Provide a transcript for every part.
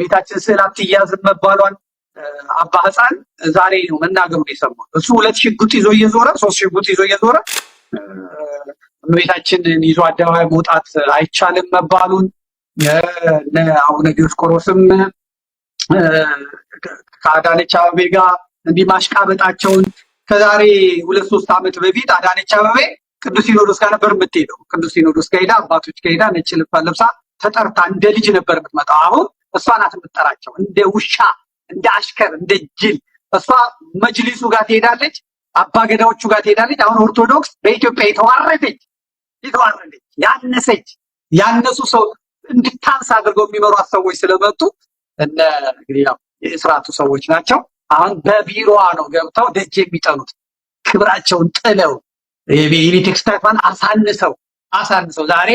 ቤታችን ስዕል አትያዝም መባሏን አባ ህፃን ዛሬ ነው መናገሩን የሰማ እሱ ሁለት ሽጉጥ ይዞ እየዞረ ሶስት ሽጉጥ ይዞ እየዞረ እመቤታችንን ይዞ አደባባይ መውጣት አይቻልም መባሉን አቡነ ዲዮስቆሮስም ከአዳነች አበቤ ጋር እንዲህ ማሽቃበጣቸውን ከዛሬ ሁለት ሶስት ዓመት በፊት አዳነች አበቤ ቅዱስ ሲኖዶስ ጋር ነበር የምትሄደው። ቅዱስ ሲኖዶስ ከሄዳ አባቶች ከሄዳ ነጭ ልብስ ለብሳ ተጠርታ እንደ ልጅ ነበር የምትመጣው። አሁን እሷ ናት የምትጠራቸው። እንደ ውሻ፣ እንደ አሽከር፣ እንደ ጅል እሷ መጅሊሱ ጋር ትሄዳለች፣ አባገዳዎቹ ጋር ትሄዳለች። አሁን ኦርቶዶክስ በኢትዮጵያ የተዋረደች የተዋረደች ያነሰች ያነሱ ሰው እንድታንስ አድርገው የሚመሯት ሰዎች ስለመጡ እነ እንግዲህ ያው የእስራቱ ሰዎች ናቸው። አሁን በቢሮዋ ነው ገብተው ደጅ የሚጠኑት ክብራቸውን ጥለው የቤተክርስቲያኗን አሳንሰው አሳንሰው ዛሬ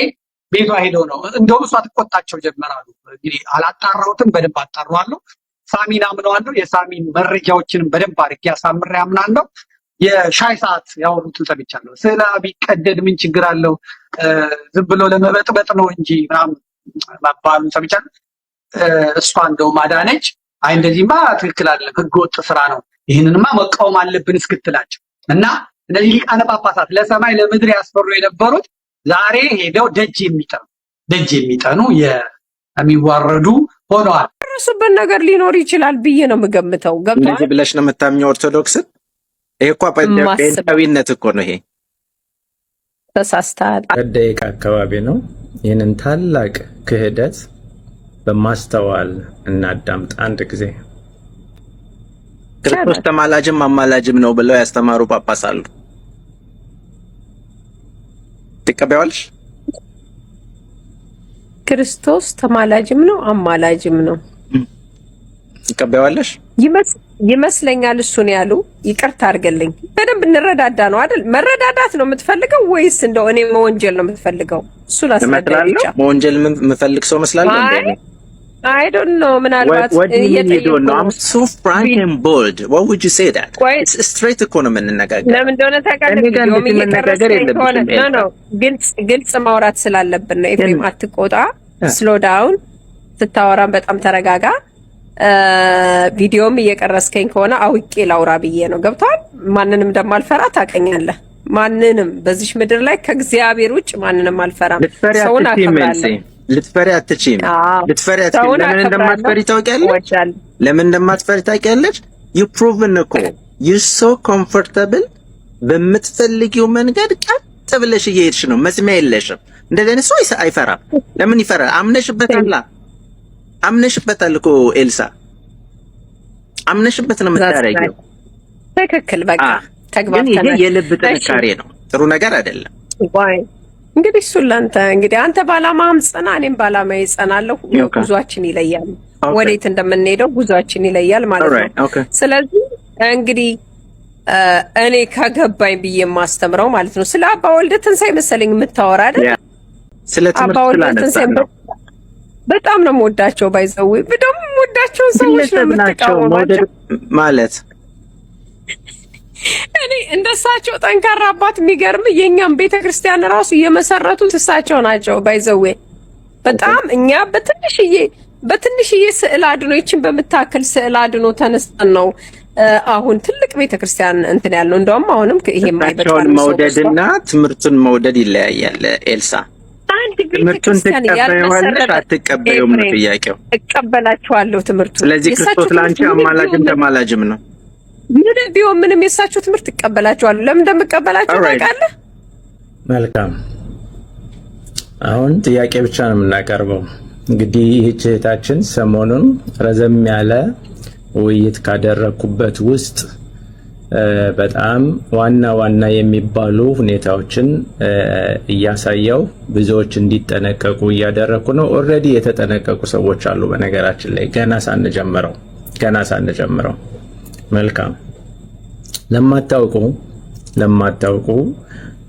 ቤቷ ሄደው ነው እንደውም እሷ ትቆጣቸው ጀመራሉ። እንግዲህ አላጣራሁትም፣ በደንብ አጣራዋለሁ። ሳሚን አምነዋለሁ። የሳሚን መረጃዎችንም በደንብ አድርጌ አሳምሬ አምናለሁ። የሻይ ሰዓት ያወሩትን ሰምቻለሁ። ስለ ቢቀደድ ምን ችግር አለው? ዝም ብሎ ለመበጥበጥ ነው እንጂ ምናምን መባሉን ሰምቻለሁ። እሷ እንደውም አዳነች፣ አይ እንደዚህማ ትክክል አይደለም፣ ህገወጥ ስራ ነው፣ ይህንንማ መቃወም አለብን እስክትላቸው እና እነዚህ ሊቃነ ጳጳሳት ለሰማይ ለምድር ያስፈሩ የነበሩት ዛሬ ሄደው ደጅ የሚጠኑ ደጅ የሚጠኑ የሚዋረዱ ሆነዋል። የደረሱበት ነገር ሊኖር ይችላል ብዬ ነው የምገምተው። ገብቶሃል ብለሽ ነው የምታምኘው ኦርቶዶክስን? ይሄ እኮ ጴንጤዊነት እኮ ነው። ይሄ ተሳስተሃል። ደቂቃ አካባቢ ነው። ይህንን ታላቅ ክህደት በማስተዋል እናዳምጥ። አንድ ጊዜ ክርስቶስ ተማላጅም አማላጅም ነው ብለው ያስተማሩ ጳጳስ አሉ። ትቀበያለሽ? ክርስቶስ ተማላጅም ነው አማላጅም ነው። ትቀበያዋለሽ? ይመስለኛል እሱን ያሉ ይቅርታ አድርገልኝ። በደንብ እንረዳዳ ነው አይደል? መረዳዳት ነው የምትፈልገው ወይስ እንደው እኔ መወንጀል ነው የምትፈልገው? እሱን አስረዳ። መወንጀል የምፈልግ ሰው መስላለሁ I don't know. What, what do you mean you don't know? I'm so frank and bold. What would you say that? It's straight ለምን እንደሆነ ታውቃለህ? ግልጽ ማውራት ስላለብን ነው። ኤፍሬም አትቆጣ፣ ስሎ ዳውን፣ ስታወራን በጣም ተረጋጋ። ቪዲዮም እየቀረስከኝ ከሆነ አውቄ ላውራ ብዬ ነው። ገብቷል? ማንንም እንደማልፈራ ታውቀኛለህ። ማንንም በዚሽ ምድር ላይ ከእግዚአብሔር ውጭ ማንንም አልፈራም። ሰውን አከብራለሁ ልትፈሪ አትችይም። ልትፈሪ አትችይም። ለምን እንደማትፈሪ ታውቂያለሽ። ለምን እንደማትፈሪ ታውቂያለሽ። ዩ ፕሩቭን እኮ ዩ ሶ ኮምፎርታብል በምትፈልጊው መንገድ ቀጥ ብለሽ እየሄድሽ ነው። መስሚያ የለሽም። እንደገና ሰው አይፈራም። ለምን ይፈራል? አምነሽበታል። አምነሽበታል እኮ ኤልሳ፣ አምነሽበት ነው የምታደርጊው። ትክክል። በቃ ግን ይሄ የልብ ጥንካሬ ነው። ጥሩ ነገር አይደለም። እንግዲህ እሱ ለአንተ እንግዲህ አንተ ባላማህም ጽና፣ እኔም ባላማ ይጸናለሁ። ጉዟችን ይለያል፣ ወዴት እንደምንሄደው ጉዟችን ይለያል ማለት ነው። ስለዚህ እንግዲህ እኔ ከገባኝ ብዬ የማስተምረው ማለት ነው። ስለ አባ ወልደ ትንሳኤ መሰለኝ የምታወራ አይደል? አባ ወልደ ትንሳኤ በጣም ነው የምወዳቸው። ባይዘዊ ደግሞ የምወዳቸውን ሰዎች ነው የምትቃወማቸው ማለት እኔ እንደሳቸው ጠንካራ አባት የሚገርም የእኛም ቤተ ክርስቲያን ራሱ የመሰረቱት እሳቸው ናቸው። ባይዘዌ በጣም እኛ በትንሽዬ በትንሽዬ ስዕል አድኖ ይችን በምታክል ስዕል አድኖ ተነስተን ነው አሁን ትልቅ ቤተ ክርስቲያን እንትን ያለው። እንደውም አሁንም ይሄ ማይበጣውን መውደድና ትምህርቱን መውደድ ይለያያል። ኤልሳ ትምህርቱን ትቀበይዋለሽ አትቀበዩም ነው ጥያቄው? እቀበላችኋለሁ ትምህርቱ። ስለዚህ ክርስቶስ ለአንቺ አማላጅም ተማላጅም ነው። ምንም ቢሆን ምንም የሳችሁ ትምህርት እቀበላችኋለሁ። ለምን እንደምቀበላችሁ ታውቃለህ። መልካም አሁን ጥያቄ ብቻ ነው የምናቀርበው። እንግዲህ ይህች እህታችን ሰሞኑን ረዘም ያለ ውይይት ካደረግኩበት ውስጥ በጣም ዋና ዋና የሚባሉ ሁኔታዎችን እያሳየው ብዙዎች እንዲጠነቀቁ እያደረግኩ ነው። ኦልሬዲ የተጠነቀቁ ሰዎች አሉ። በነገራችን ላይ ገና ሳንጀምረው ገና ሳንጀምረው መልካም ለማታውቁ ለማታውቁ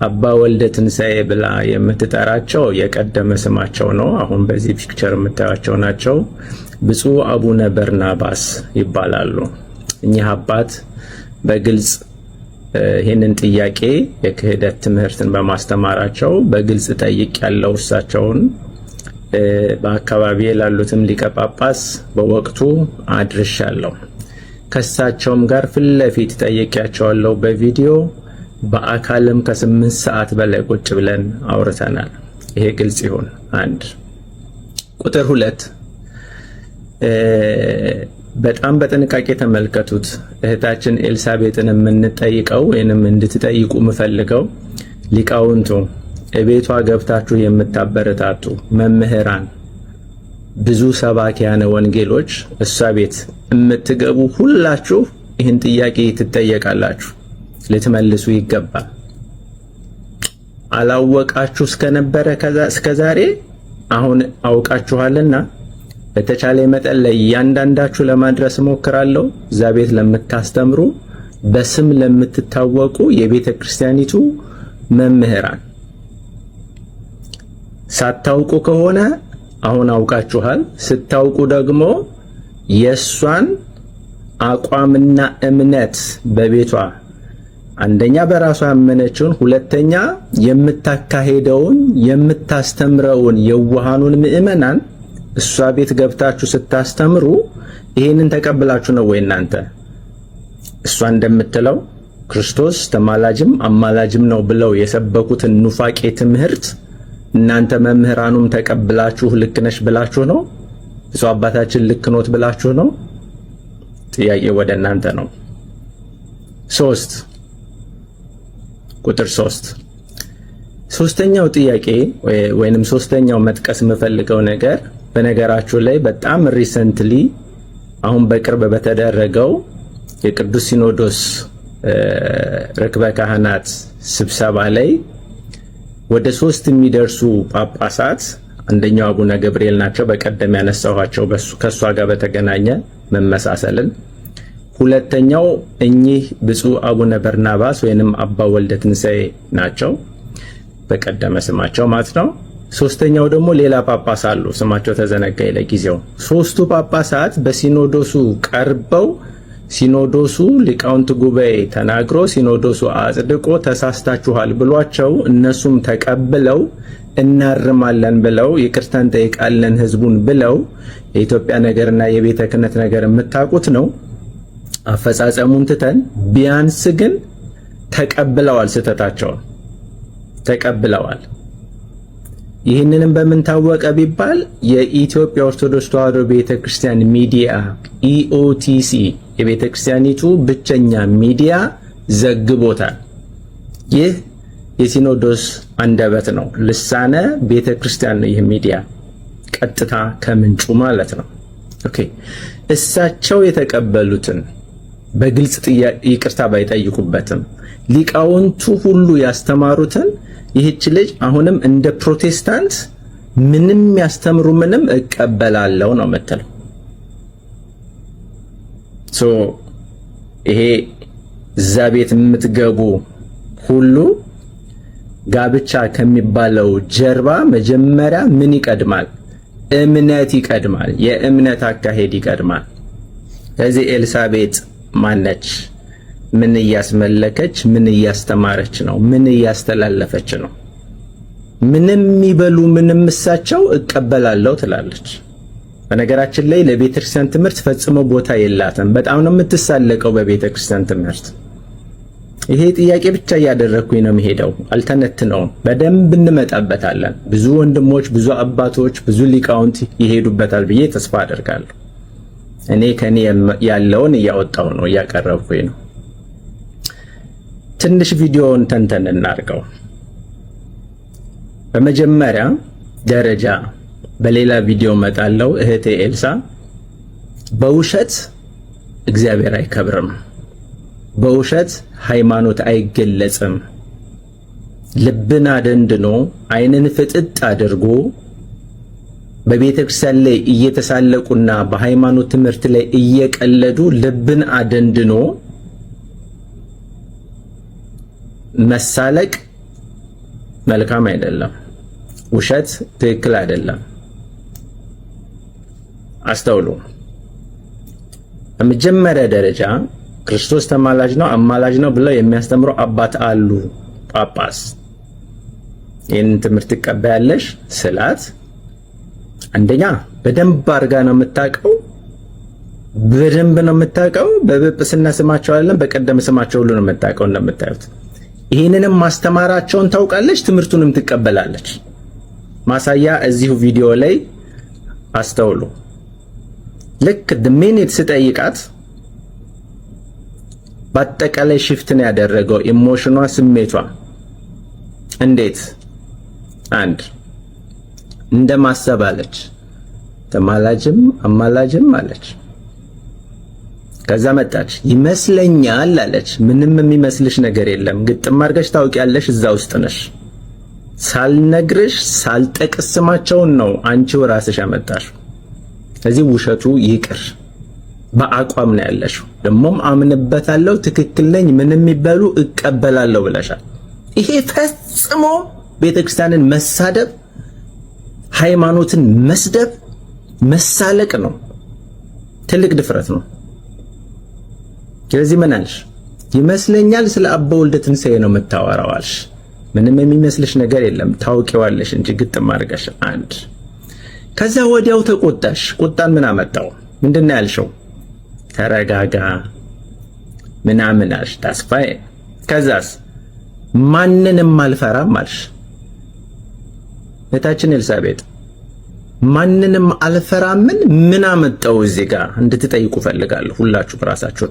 አባ ወልደ ትንሣኤ ብላ የምትጠራቸው የቀደመ ስማቸው ነው። አሁን በዚህ ፒክቸር የምታያቸው ናቸው። ብፁዕ አቡነ በርናባስ ይባላሉ። እኚህ አባት በግልጽ ይህንን ጥያቄ የክህደት ትምህርትን በማስተማራቸው በግልጽ ጠይቅ ያለው እሳቸውን በአካባቢ ላሉትም ሊቀ ጳጳስ በወቅቱ አድርሻለሁ። ከሳቸውም ጋር ፊት ለፊት ጠይቄያቸዋለሁ በቪዲዮ በአካልም ከስምንት ሰዓት በላይ ቁጭ ብለን አውርተናል። ይሄ ግልጽ ይሁን። አንድ ቁጥር ሁለት በጣም በጥንቃቄ ተመልከቱት። እህታችን ኤልሳቤጥን የምንጠይቀው ወይንም እንድትጠይቁ የምፈልገው ሊቃውንቱ እቤቷ ገብታችሁ የምታበረታቱ መምህራን ብዙ ሰባኪያነ ወንጌሎች እሷ ቤት የምትገቡ ሁላችሁ ይህን ጥያቄ ትጠየቃላችሁ፣ ልትመልሱ ይገባል። አላወቃችሁ እስከነበረ እስከዛሬ አሁን አውቃችኋልና በተቻለ መጠን ለእያንዳንዳችሁ ለማድረስ እሞክራለሁ። እዛ ቤት ለምታስተምሩ በስም ለምትታወቁ የቤተ ክርስቲያኒቱ መምህራን ሳታውቁ ከሆነ አሁን አውቃችኋል። ስታውቁ ደግሞ የእሷን አቋምና እምነት በቤቷ አንደኛ በራሷ ያመነችውን፣ ሁለተኛ የምታካሄደውን የምታስተምረውን የዋሃኑን ምእመናን እሷ ቤት ገብታችሁ ስታስተምሩ ይሄንን ተቀብላችሁ ነው ወይ እናንተ? እሷ እንደምትለው ክርስቶስ ተማላጅም አማላጅም ነው ብለው የሰበኩትን ኑፋቄ ትምህርት እናንተ መምህራኑም ተቀብላችሁ ልክ ነሽ ብላችሁ ነው? እሱ አባታችን ልክ ኖት ብላችሁ ነው? ጥያቄ ወደ እናንተ ነው። ሶስት ቁጥር ሶስት ሶስተኛው ጥያቄ ወይንም ሶስተኛው መጥቀስ የምፈልገው ነገር በነገራችሁ ላይ በጣም ሪሰንትሊ አሁን በቅርብ በተደረገው የቅዱስ ሲኖዶስ ርክበ ካህናት ስብሰባ ላይ ወደ ሶስት የሚደርሱ ጳጳሳት አንደኛው አቡነ ገብርኤል ናቸው። በቀደም ያነሳኋቸው ከእሷ ጋር በተገናኘ መመሳሰልን። ሁለተኛው እኚህ ብፁዕ አቡነ በርናባስ ወይንም አባ ወልደ ትንሣኤ ናቸው። በቀደመ ስማቸው ማለት ነው። ሶስተኛው ደግሞ ሌላ ጳጳስ አሉ። ስማቸው ተዘነጋ ለጊዜው። ሶስቱ ጳጳሳት በሲኖዶሱ ቀርበው ሲኖዶሱ ሊቃውንት ጉባኤ ተናግሮ ሲኖዶሱ አጽድቆ ተሳስታችኋል ብሏቸው እነሱም ተቀብለው እናርማለን ብለው ይቅርታ እንጠይቃለን ህዝቡን ብለው የኢትዮጵያ ነገርና የቤተ ክህነት ነገር የምታውቁት ነው። አፈጻጸሙን ትተን ቢያንስ ግን ተቀብለዋል፣ ስህተታቸውን ተቀብለዋል። ይህንንም በምን ታወቀ ቢባል የኢትዮጵያ ኦርቶዶክስ ተዋህዶ ቤተክርስቲያን ሚዲያ ኢኦቲሲ የቤተክርስቲያኒቱ ብቸኛ ሚዲያ ዘግቦታል። ይህ የሲኖዶስ አንደበት ነው፣ ልሳነ ቤተክርስቲያን ነው። ይህ ሚዲያ ቀጥታ ከምንጩ ማለት ነው። ኦኬ እሳቸው የተቀበሉትን በግልጽ ይቅርታ ባይጠይቁበትም ሊቃውንቱ ሁሉ ያስተማሩትን ይህች ልጅ አሁንም እንደ ፕሮቴስታንት ምንም ያስተምሩ ምንም እቀበላለው ነው የምትለው። ይሄ እዛ ቤት የምትገቡ ሁሉ ጋብቻ ከሚባለው ጀርባ መጀመሪያ ምን ይቀድማል? እምነት ይቀድማል። የእምነት አካሄድ ይቀድማል። ከዚህ ኤልሳቤጥ ማነች? ምን እያስመለከች ምን እያስተማረች ነው? ምን እያስተላለፈች ነው? ምንም ይበሉ ምንም እሳቸው እቀበላለሁ ትላለች። በነገራችን ላይ ለቤተ ክርስቲያን ትምህርት ፈጽሞ ቦታ የላትም። በጣም ነው የምትሳለቀው በቤተ ክርስቲያን ትምህርት። ይሄ ጥያቄ ብቻ እያደረግኩኝ ነው የምሄደው፣ አልተነትነውም። በደንብ እንመጣበታለን። ብዙ ወንድሞች፣ ብዙ አባቶች፣ ብዙ ሊቃውንት ይሄዱበታል ብዬ ተስፋ አደርጋለሁ። እኔ ከኔ ያለውን እያወጣው ነው እያቀረብኩኝ ነው። ትንሽ ቪዲዮውን ተንተን እናርገው። በመጀመሪያ ደረጃ በሌላ ቪዲዮ መጣለው። እህቴ ኤልሳ በውሸት እግዚአብሔር አይከብርም፣ በውሸት ሃይማኖት አይገለጽም። ልብን አደንድኖ አይንን ፍጥጥ አድርጎ በቤተ ክርስቲያን ላይ እየተሳለቁና በሃይማኖት ትምህርት ላይ እየቀለዱ ልብን አደንድኖ መሳለቅ መልካም አይደለም። ውሸት ትክክል አይደለም። አስተውሉ። በመጀመሪያ ደረጃ ክርስቶስ ተማላጅ ነው አማላጅ ነው ብለው የሚያስተምሩ አባት አሉ፣ ጳጳስ። ይህንን ትምህርት ትቀበያለሽ ስላት አንደኛ በደንብ አድርጋ ነው የምታውቀው፣ በደንብ ነው የምታውቀው። በጵጵስና ስማቸው አይደለም በቀደም ስማቸው ሁሉ ነው የምታውቀው። እንደምታዩት ይህንንም ማስተማራቸውን ታውቃለች፣ ትምህርቱንም ትቀበላለች። ማሳያ እዚሁ ቪዲዮ ላይ አስተውሉ። ልክ ድሜኔት ስጠይቃት በአጠቃላይ ሽፍትን ያደረገው ኢሞሽኗ፣ ስሜቷ እንዴት አንድ እንደ ማሰብ አለች። ተማላጅም አማላጅም አለች። ከዛ መጣች ይመስለኛል አለች። ምንም የሚመስልሽ ነገር የለም። ግጥም አድርገሽ ታውቂያለሽ፣ እዛ ውስጥ ነሽ። ሳልነግርሽ ሳልጠቅስ ስማቸውን ነው አንቺው ራስሽ ያመጣሽ። እዚህ ውሸቱ ይቅር፣ በአቋም ነው ያለሽው። ደግሞም አምንበታለሁ፣ ትክክል ነኝ፣ ምንም የሚበሉ እቀበላለሁ ብለሻል። ይሄ ፈጽሞ ቤተክርስቲያንን መሳደብ ሃይማኖትን መስደብ መሳለቅ ነው። ትልቅ ድፍረት ነው። ስለዚህ ምን አልሽ ይመስለኛል ስለ አባ ወልደ ትንሳኤ ነው የምታወራው አልሽ። ምንም የሚመስልሽ ነገር የለም ታውቂዋለሽ እንጂ ግጥም አድርገሽ አንድ ከዛ ወዲያው ተቆጣሽ። ቁጣን ምን አመጣው? ምንድን ነው ያልሽው? ተረጋጋ ምናምን አልሽ። ታስፋዬ ከዛስ ማንንም አልፈራም አልሽ። እህታችን ኤልሳቤጥ ማንንም አልፈራምን ምን አመጣው እዚህ ጋር እንድትጠይቁ ፈልጋለሁ። ሁላችሁ ራሳችሁ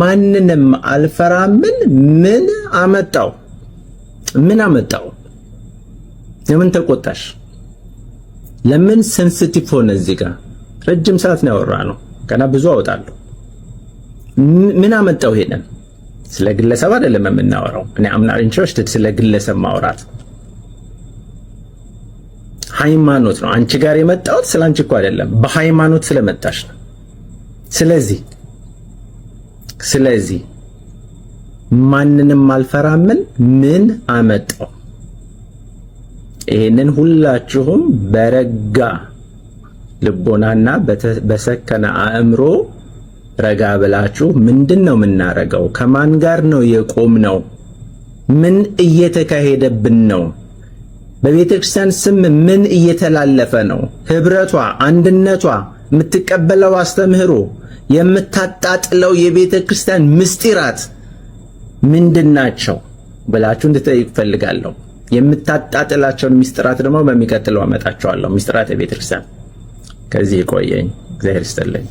ማንንም አልፈራምን ምን አመጣው? ምን አመጣው? ለምን ተቆጣሽ? ለምን ሴንሲቲቭ ሆነ? እዚህ ጋር ረጅም ሰዓት ነው ያወራ ነው ገና ብዙ አወጣለሁ። ምን አመጣው? ይሄንን ስለ ግለሰብ አይደለም የምናወራው። እኔ አምና ኢንትረስትድ ስለ ግለሰብ ማውራት ሃይማኖት ነው። አንቺ ጋር የመጣሁት ስለ አንቺ እኮ አይደለም፣ በሃይማኖት ስለመጣሽ ነው። ስለዚህ ስለዚህ ማንንም አልፈራምን ምን አመጣው? ይህንን ሁላችሁም በረጋ ልቦናና በሰከነ አእምሮ ረጋ ብላችሁ ምንድን ነው የምናረገው? ከማን ጋር ነው የቆም ነው? ምን እየተካሄደብን ነው? በቤተ ክርስቲያን ስም ምን እየተላለፈ ነው? ህብረቷ፣ አንድነቷ፣ የምትቀበለው አስተምህሮ፣ የምታጣጥለው የቤተ ክርስቲያን ምስጢራት ምንድን ናቸው ብላችሁ እንድትጠይቁ ፈልጋለሁ። የምታጣጥላቸውን ምስጢራት ደግሞ በሚቀጥለው አመጣቸዋለሁ። ምስጢራት የቤተ ክርስቲያን ከዚህ ቆየኝ። እግዚአብሔር ይስጥልኝ።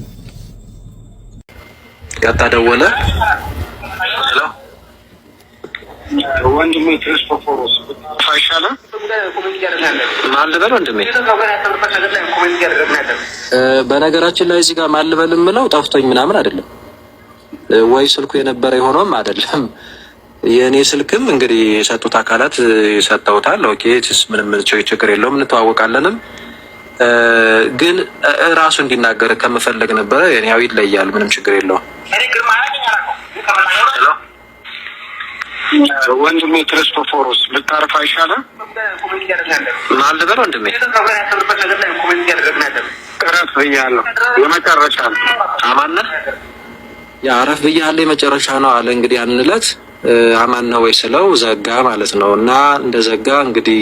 ቀጣ ደወለ ወንድሜ ክርስቶፎሮስ አይሻልም? ወንድሜ? በነገራችን ላይ እዚህ ጋር ማልበል የምለው ጠፍቶኝ ምናምን አይደለም፣ ወይ ስልኩ የነበረ የሆነውም አይደለም። የእኔ ስልክም እንግዲህ የሰጡት አካላት ሰጠውታል። ኦኬ ምንም ችግር የለውም፣ እንተዋወቃለንም ግን ራሱ እንዲናገር ከምፈለግ ነበረ። ያው ይለያል፣ ምንም ችግር የለውም። ወንድሜ ክርስቶፎሮስ ብታርፍ አይሻልም? ማልደ በር ወንድሜ እረፍ ብያለሁ። የመጨረሻ ነው። አማን ነህ? ያ እረፍ ብያለሁ የመጨረሻ ነው አለ። እንግዲህ ያንን ዕለት አማን ነው ወይ ስለው ዘጋ ማለት ነው። እና እንደ ዘጋ እንግዲህ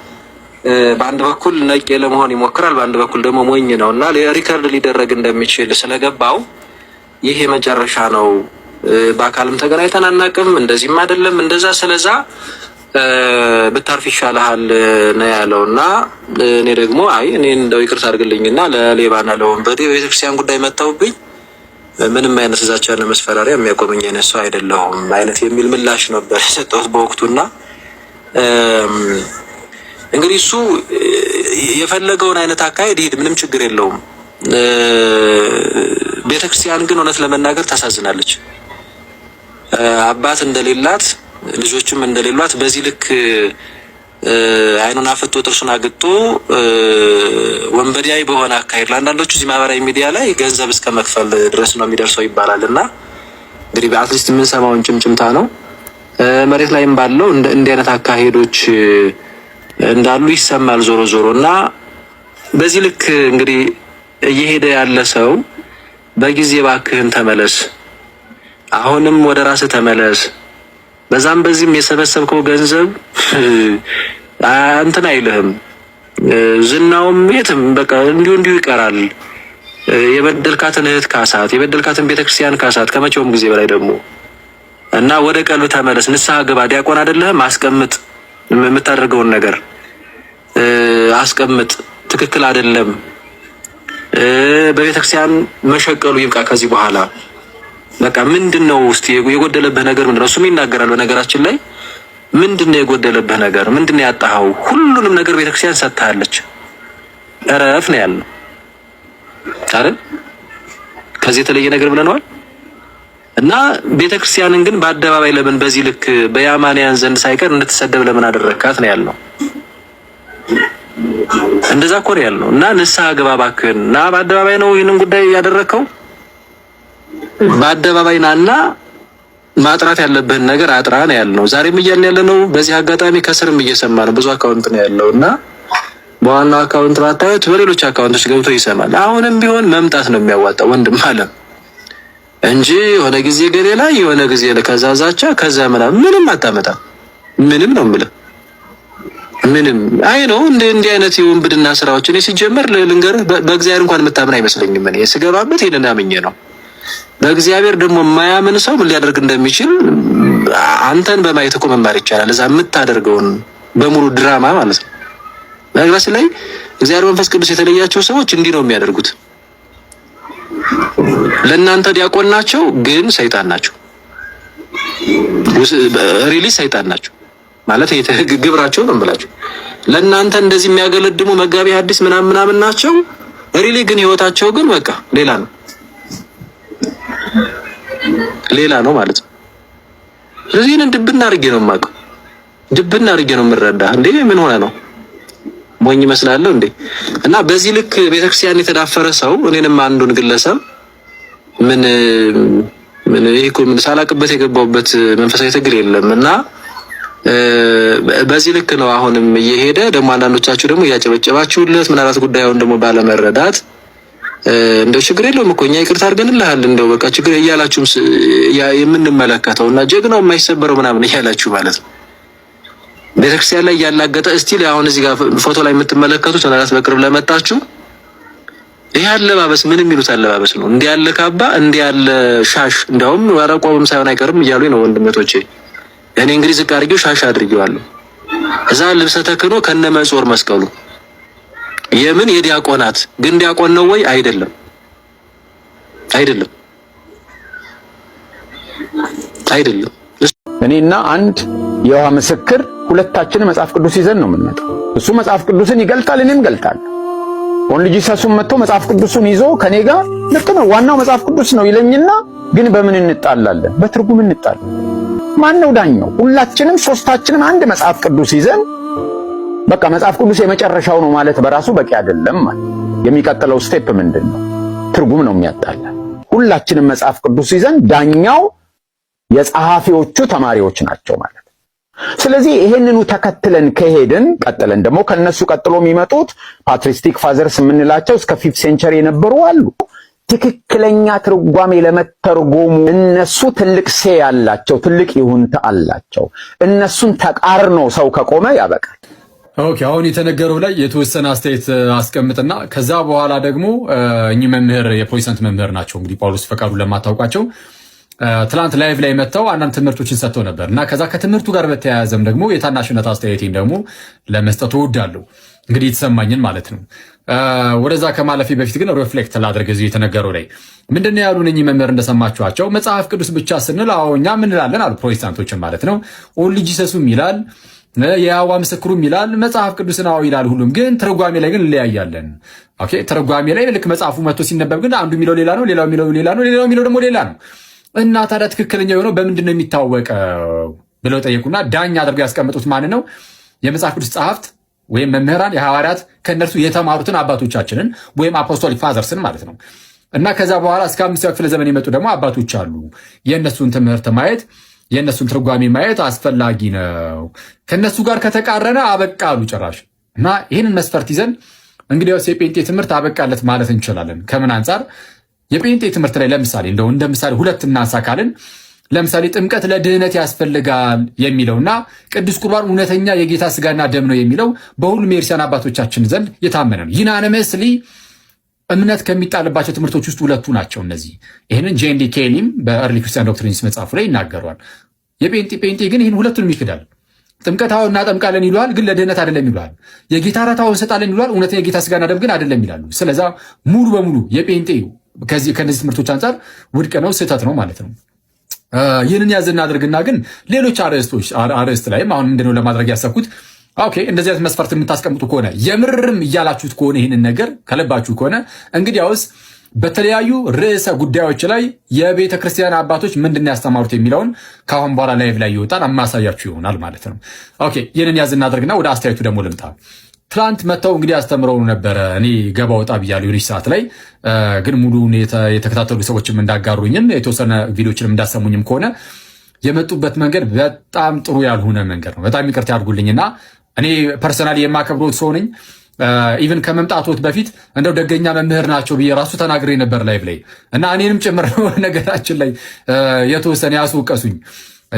በአንድ በኩል ነቄ ለመሆን ይሞክራል፣ በአንድ በኩል ደግሞ ሞኝ ነው እና ሪከርድ ሊደረግ እንደሚችል ስለገባው ይሄ መጨረሻ ነው። በአካልም ተገናኝተን አናውቅም፣ እንደዚህም አይደለም እንደዛ ስለዛ ብታርፍ ይሻልሃል ነው ያለው እና እኔ ደግሞ አይ እኔ እንደው ይቅርታ አድርግልኝና ለሌባና ለወንበዴ ቤተክርስቲያን ጉዳይ መጥተውብኝ ምንም አይነት እዛቻ ለመስፈራሪያ የሚያቆመኝ አይነት ሰው አይደለሁም አይነት የሚል ምላሽ ነበር የሰጠሁት እና እንግዲህ እሱ የፈለገውን አይነት አካሄድ ይሄድ፣ ምንም ችግር የለውም። ቤተክርስቲያን ግን እውነት ለመናገር ታሳዝናለች። አባት እንደሌላት ልጆችም እንደሌሏት በዚህ ልክ አይኑን አፍቶ ጥርሱን አግጦ ወንበዴያዊ በሆነ አካሄድ ለአንዳንዶቹ እዚህ ማህበራዊ ሚዲያ ላይ ገንዘብ እስከ መክፈል ድረስ ነው የሚደርሰው ይባላል እና እንግዲህ በአትሊስት የምንሰማውን ጭምጭምታ ነው። መሬት ላይም ባለው እንዲህ አይነት አካሄዶች እንዳሉ ይሰማል። ዞሮ ዞሮ እና በዚህ ልክ እንግዲህ እየሄደ ያለ ሰው በጊዜ ባክህን ተመለስ፣ አሁንም ወደ ራስ ተመለስ። በዛም በዚህም የሰበሰብከው ገንዘብ እንትን አይልህም። ዝናውም የትም በቃ እንዲሁ እንዲሁ ይቀራል። የበደልካትን እህት ካሳት፣ የበደልካትን ቤተክርስቲያን ካሳት ከመቼውም ጊዜ በላይ ደግሞ እና ወደ ቀልብ ተመለስ፣ ንስሐ ግባ። ዲያቆን አይደለህም? አስቀምጥ የምታደርገውን ነገር አስቀምጥ፣ ትክክል አይደለም፣ በቤተክርስቲያን መሸቀሉ ይብቃ፣ ከዚህ በኋላ በቃ ምንድን ነው ውስጥ የጎደለብህ ነገር ምንድን ነው? እሱም ይናገራል። በነገራችን ላይ ምንድን ነው የጎደለብህ ነገር ምንድን ነው ያጣኸው? ሁሉንም ነገር ቤተክርስቲያን ሰጥታለች። እረፍ ነው ያለው አይደል? ከዚህ የተለየ ነገር ብለነዋል። እና ቤተክርስቲያንን ግን በአደባባይ ለምን በዚህ ልክ በያማንያን ዘንድ ሳይቀር እንድትሰደብ ለምን አደረካት ነው ያለው። እንደዛ ኮር ያል ነው እና ንስሐ ግባ እባክህን እና በአደባባይ ነው ይህንን ጉዳይ ያደረግከው። በአደባባይ ናና ማጥራት ያለብህን ነገር አጥራ ነው ያልነው። ዛሬም እያልን ያለ ነው። በዚህ አጋጣሚ ከስርም እየሰማ ነው። ብዙ አካውንት ነው ያለው እና በዋናው አካውንት ባታዩት በሌሎች አካውንቶች ገብቶ ይሰማል። አሁንም ቢሆን መምጣት ነው የሚያዋጣው ወንድም አለ እንጂ የሆነ ጊዜ ገሌ ላይ የሆነ ጊዜ ከዛ ዛቻ ከዛ ምናምን ምንም አታመጣም። ምንም ነው የምልህ ምንም አይ ነው እንደ እንዲህ አይነት የወንብድና ስራዎች እኔ ሲጀመር ልንገርህ፣ በእግዚአብሔር እንኳን የምታምን አይመስለኝም። እኔ ስገባበት ይሄንን አምኜ ነው። በእግዚአብሔር ደግሞ የማያምን ሰው ምን ሊያደርግ እንደሚችል አንተን በማየት እኮ መማር ይቻላል። እዛ የምታደርገውን በሙሉ ድራማ ማለት ነው። በነገራችን ላይ እግዚአብሔር መንፈስ ቅዱስ የተለያቸው ሰዎች እንዲህ ነው የሚያደርጉት። ለእናንተ ዲያቆን ናቸው፣ ግን ሰይጣን ናቸው። ሪሊዝ ሰይጣን ናቸው። ማለት ግብራቸው ነው የምላቸው። ለእናንተ እንደዚህ የሚያገለድሙ መጋቢ አዲስ ምናምን ምናምን ናቸው። ሪሊ ግን ህይወታቸው ግን በቃ ሌላ ነው ሌላ ነው ማለት ነው። ስለዚህ እኔ ድብና አድርጌ ነው የማውቀው፣ ድብና አድርጌ ነው የምረዳ። እንዴ ምን ሆነ ነው ሞኝ ይመስላለሁ እንዴ? እና በዚህ ልክ ቤተክርስቲያን የተዳፈረ ሰው እኔንም አንዱን ግለሰብ ምን ምን ይሄ እኮ ምን ሳላቅበት የገባሁበት መንፈሳዊ ትግል የለም እና በዚህ ልክ ነው አሁንም እየሄደ ደግሞ አንዳንዶቻችሁ ደግሞ እያጨበጨባችሁለት ምናልባት ጉዳዩን ደግሞ ባለመረዳት እንደው ችግር የለውም እኮ እኛ ይቅርታ አድርገንልሃል እንደው በቃ ችግር እያላችሁም የምንመለከተው እና ጀግናው የማይሰበረው ምናምን እያላችሁ ማለት ነው ቤተክርስቲያን ላይ እያላገጠ እስቲል አሁን እዚህ ጋር ፎቶ ላይ የምትመለከቱት ምናልባት በቅርብ ለመጣችሁ ይህ አለባበስ ምን የሚሉት አለባበስ ነው? እንዲህ ያለ ካባ፣ እንዲህ ያለ ሻሽ፣ እንዲያውም ኧረ ቆብም ሳይሆን አይቀርም እያሉ ነው ወንድመቶቼ። እኔ እንግዲህ ዝቅ አድርጌው ሻሽ አድርጌዋለሁ። እዛ ልብሰ ተክኖ ከነ መጾር መስቀሉ የምን የዲያቆናት ግን ዲያቆን ነው ወይ? አይደለም፣ አይደለም፣ አይደለም። እኔና አንድ የውሃ ምስክር ሁለታችን መጽሐፍ ቅዱስ ይዘን ነው የምንመጣው። እሱ መጽሐፍ ቅዱስን ይገልጣል፣ እኔም እገልጣለሁ። ወንድ ልጅ ሰሱን መጥቶ መጽሐፍ ቅዱሱን ይዞ ከኔ ጋር ልክ ነው ዋናው መጽሐፍ ቅዱስ ነው ይለኝና ግን በምን እንጣላለን? በትርጉም እንጣላለን። ማን ነው ዳኛው? ሁላችንም ሶስታችንም አንድ መጽሐፍ ቅዱስ ይዘን በቃ መጽሐፍ ቅዱስ የመጨረሻው ነው ማለት በራሱ በቂ አይደለም። የሚቀጥለው ስቴፕ ምንድን ነው? ትርጉም ነው የሚያጣላ። ሁላችንም መጽሐፍ ቅዱስ ይዘን ዳኛው የጸሐፊዎቹ ተማሪዎች ናቸው ማለት። ስለዚህ ይሄንኑ ተከትለን ከሄድን ቀጥለን ደግሞ ከነሱ ቀጥሎ የሚመጡት ፓትሪስቲክ ፋዘርስ የምንላቸው እስከ ፊፍት ሴንቸሪ የነበሩ አሉ። ትክክለኛ ትርጓሜ ለመተርጎሙ እነሱ ትልቅ ሴ ያላቸው ትልቅ ይሁንታ አላቸው። እነሱን ተቃርኖ ሰው ከቆመ ያበቃል። ኦኬ፣ አሁን የተነገረው ላይ የተወሰነ አስተያየት አስቀምጥና ከዛ በኋላ ደግሞ እኚህ መምህር የፕሮቴስታንት መምህር ናቸው። እንግዲህ ጳውሎስ ፈቃዱ ለማታውቃቸው ትላንት ላይቭ ላይ መጥተው አንዳንድ ትምህርቶችን ሰጥተው ነበር እና ከዛ ከትምህርቱ ጋር በተያያዘም ደግሞ የታናሽነት አስተያየቴን ደግሞ ለመስጠት እወዳለሁ። እንግዲህ የተሰማኝን ማለት ነው። ወደዛ ከማለፊ በፊት ግን ሪፍሌክት ላድርግ። እዚህ የተነገሩ ላይ ምንድን ነው ያሉን እኚህ መምህር እንደሰማችኋቸው መጽሐፍ ቅዱስ ብቻ ስንል አዎ እኛ ምን ምንላለን አሉ ፕሮቴስታንቶችን ማለት ነው። ኦንሊ ጂሰሱም ይላል የያዋ ምስክሩም ይላል መጽሐፍ ቅዱስን አዎ ይላል ሁሉም። ግን ትርጓሜ ላይ ግን እንለያያለን። ኦኬ ተረጓሜ ላይ ልክ መጽሐፉ መጥቶ ሲነበብ ግን አንዱ የሚለው ሌላ ነው፣ ሌላው የሚለው ሌላ ነው፣ ሌላው የሚለው ደግሞ ሌላ ነው። እና ታዲያ ትክክለኛ የሆነው በምንድን ነው የሚታወቀው ብለው ጠየቁና ዳኛ አድርገው ያስቀመጡት ማን ነው? የመጽሐፍ ቅዱስ ጸሐፍት ወይም መምህራን የሐዋርያት ከእነርሱ የተማሩትን አባቶቻችንን ወይም አፖስቶሊክ ፋዘርስን ማለት ነው እና ከዛ በኋላ እስከ አምስተኛው ክፍለ ዘመን የመጡ ደግሞ አባቶች አሉ። የእነሱን ትምህርት ማየት የእነሱን ትርጓሜ ማየት አስፈላጊ ነው። ከእነሱ ጋር ከተቃረነ አበቃ አሉ ጭራሽ። እና ይህንን መስፈርት ይዘን እንግዲያውስ የጴንጤ ትምህርት አበቃለት ማለት እንችላለን። ከምን አንጻር የጴንጤ ትምህርት ላይ ለምሳሌ እንደው እንደ ምሳሌ ሁለት እናንሳ ካልን ለምሳሌ ጥምቀት ለድህነት ያስፈልጋል የሚለውና ቅዱስ ቁርባን እውነተኛ የጌታ ስጋና ደም ነው የሚለው በሁሉም የክርስቲያን አባቶቻችን ዘንድ የታመነ ነው። ዩናኒመስሊ እምነት ከሚጣልባቸው ትምህርቶች ውስጥ ሁለቱ ናቸው እነዚህ። ይህንን ጄንዲ ኬሊም በርሊ ክርስቲያን ዶክትሪንስ መጽሐፉ ላይ ይናገሯል። የጴንጢ ጴንጢ ግን ይህን ሁለቱንም ይክዳል። ጥምቀት አሁን እናጠምቃለን ይሏል፣ ግን ለድህነት አይደለም ይሏል። የጌታ ራት አሁን እንሰጣለን ይሏል፣ እውነተኛ የጌታ ስጋና ደም ግን አይደለም ይላሉ። ስለዛ ሙሉ በሙሉ የጴንጤ ከነዚህ ትምህርቶች አንጻር ውድቅ ነው፣ ስህተት ነው ማለት ነው። ይህንን ያዝ እናድርግና ግን ሌሎች አርዕስቶች አርዕስት ላይም አሁን ምንድነው ለማድረግ ያሰብኩት ኦኬ እንደዚህ አይነት መስፈርት የምታስቀምጡ ከሆነ የምርም እያላችሁት ከሆነ ይህንን ነገር ከለባችሁ ከሆነ እንግዲያውስ በተለያዩ ርዕሰ ጉዳዮች ላይ የቤተ ክርስቲያን አባቶች ምንድን ያስተማሩት የሚለውን ከአሁን በኋላ ላይቭ ላይ ይወጣል፣ አማሳያችሁ ይሆናል ማለት ነው። ኦኬ ይህንን ያዝ እናደርግና ወደ አስተያየቱ ደግሞ ልምጣ። ትላንት መጥተው እንግዲህ አስተምረው ነበረ። እኔ ገባ ወጣ ብያለሁ የሆነች ሰዓት ላይ ግን ሙሉን የተከታተሉ ሰዎችም እንዳጋሩኝም የተወሰነ ቪዲዮችንም እንዳሰሙኝም ከሆነ የመጡበት መንገድ በጣም ጥሩ ያልሆነ መንገድ ነው። በጣም ይቅርታ ያድርጉልኝና እኔ ፐርሰናል የማከብሮት ሰው ነኝ። ኢቨን ከመምጣቶት በፊት እንደው ደገኛ መምህር ናቸው ብዬ ራሱ ተናግሬ ነበር ላይ ላይ እና እኔንም ጭምር ነገራችን ላይ የተወሰነ ያስወቀሱኝ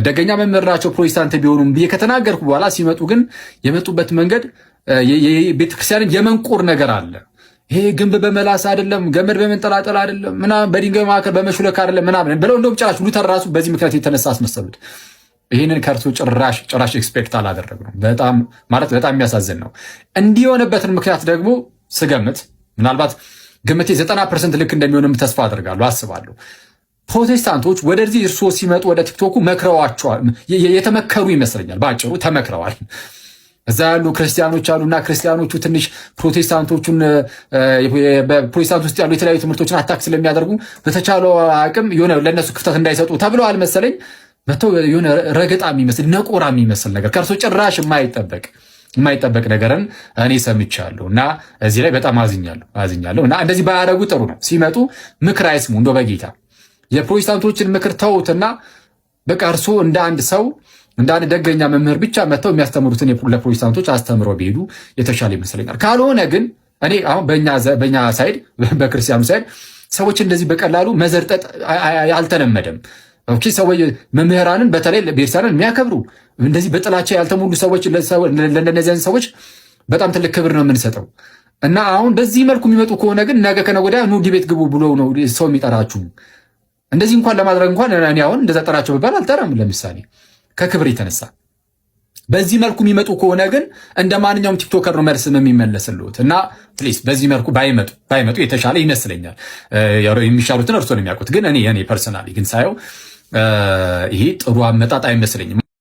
ደገኛ መምህር ናቸው ፕሮቴስታንት ቢሆኑም ብዬ ከተናገርኩ በኋላ ሲመጡ ግን የመጡበት መንገድ ቤተክርስቲያንን የመንቁር ነገር አለ። ይሄ ግንብ በመላስ አይደለም፣ ገመድ በመንጠላጠል አይደለም፣ ምናምን በድንጋይ መካከል በመሹለክ አይደለም ምናምን ብለው እንደውም ጭራሽ ሉተር ራሱ በዚህ ምክንያት የተነሳ አስመሰሉት። ይህንን ከእርሱ ጭራሽ ጭራሽ ኤክስፔክት አላደረግነው። በጣም ማለት በጣም የሚያሳዝን ነው። እንዲህ የሆነበትን ምክንያት ደግሞ ስገምት ምናልባት ግምቴ ዘጠና ፐርሰንት ልክ እንደሚሆንም ተስፋ አድርጋለሁ አስባለሁ። ፕሮቴስታንቶች ወደዚህ እርስዎ ሲመጡ ወደ ቲክቶኩ መክረዋቸዋል፣ የተመከሩ ይመስለኛል። በአጭሩ ተመክረዋል። እዛ ያሉ ክርስቲያኖች አሉ እና ክርስቲያኖቹ ትንሽ ፕሮቴስታንቶቹን በፕሮቴስታንት ውስጥ ያሉ የተለያዩ ትምህርቶችን አታክ ስለሚያደርጉ በተቻለው አቅም የሆነ ለእነሱ ክፍተት እንዳይሰጡ ተብለዋል አልመሰለኝ መተው የሆነ ረገጣ የሚመስል ነቆራ የሚመስል ነገር ከእርሶ ጭራሽ የማይጠበቅ የማይጠበቅ ነገርን እኔ ሰምቻለሁ እና እዚህ ላይ በጣም አዝኛለሁ አዝኛለሁ። እና እንደዚህ ባያደርጉ ጥሩ ነው። ሲመጡ ምክር አይስሙ። እንደ በጌታ የፕሮቴስታንቶችን ምክር ተውትና በቃ እርሶ እንደ አንድ ሰው እንደ አንድ ደገኛ መምህር ብቻ መጥተው የሚያስተምሩትን ለፕሮቴስታንቶች አስተምረው ቢሄዱ የተሻለ ይመስለኛል። ካልሆነ ግን እኔ አሁን በእኛ ሳይድ በክርስቲያኑ ሳይድ ሰዎች እንደዚህ በቀላሉ መዘርጠጥ አልተለመደም። ሰዎች መምህራንን በተለይ ቤተሳንን የሚያከብሩ እንደዚህ በጥላቻ ያልተሞሉ ሰዎች ለነዚያን ሰዎች በጣም ትልቅ ክብር ነው የምንሰጠው እና አሁን በዚህ መልኩ የሚመጡ ከሆነ ግን ነገ ከነገ ወዲያ ኑ ዲቤት ግቡ ብሎ ነው ሰው የሚጠራችሁ። እንደዚህ እንኳን ለማድረግ እንኳን እኔ አሁን እንደዛ ጠራቸው ብባል አልጠራም ለምሳሌ ከክብር የተነሳ በዚህ መልኩ የሚመጡ ከሆነ ግን እንደ ማንኛውም ቲክቶከር ነው መልስም የሚመለስልት እና ፕሊስ በዚህ መልኩ ባይመጡ ባይመጡ የተሻለ ይመስለኛል። የሚሻሉትን እርሶ ነው የሚያውቁት። ግን እኔ እኔ ፐርሰናሊ ግን ሳየው ይሄ ጥሩ አመጣጥ አይመስለኝም።